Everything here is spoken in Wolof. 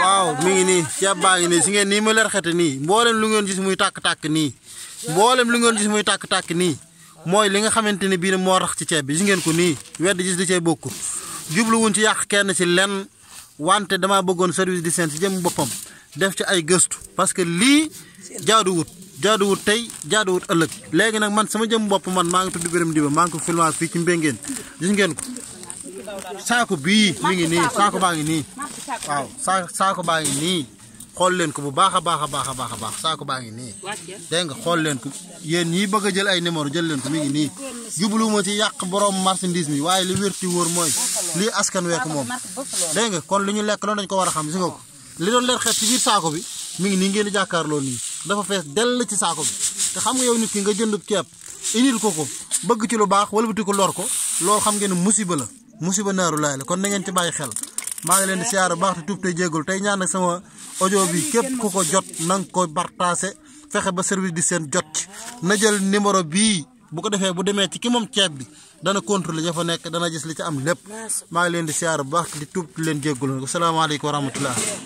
waaw mi ngi nii ceeb baa ngi nii si ngeen nii mu leer xete nii mboolem lu ngeen gis muy tàkk-tàkk nii mboolem lu ngeen gis tàkk-tàkk nii mooy li nga xamante ne bii moo rax ci ceeb bi gis ngeen ko nii wedd gis di cee bokkul jubluwuñ ci yàq kenn ci lenn wante damaa bëggoon service di seen si jëm boppam def ci ay gëstu parce que lii jaaduwut jaaduwut tey jaaduwut ëllëg léegi nag man sama jëm bopp man maa ngi tudd Birame Diba maa ngi ko filmage fii ci Mbéngeen gis ngeen ko saako bii mi ngi nii saako baa ngi nii waaw saa saako baa ngi nii xool leen ko bu baax a baax a baax a baax a baax saako baa ngi nii dégg nga xool leen ko yéen ñii bëgg a jël ay numéro jël leen ko mi ngi nii jubluwuma ci yàq borom marchandise mi waaye li wérti wóor mooy lii askan weeku moom dégg nga kon li ñu lekk loolu dañ ko war a xam si ko li doon leen xeet ci biir saako bi mi ngi nii ngeen di jàkkaarloo nii dafa fees dell ci saako bi te xam nga yow nit ki nga jënd ceeb indil ko ko bëgg ci lu baax wëlbati ko lor ko loolu xam ngeen musiba la musiba naaru laay la kon na ngeen ci bàyyi xel maa ngi leen di siyaar baax te tuub tey jéggul tey ñaan nag sama audio bi képp ku ko jot na nga ko partaase fexe ba service di seen jot na jël numéro bii bu ko defee bu demee ci ki moom ceeb bi dana contrôler ña fa nekk dana gis li ci am lépp maa ngi leen di siyaar baax di tuub leen jéggul salaamaaleykum wa rahmatullah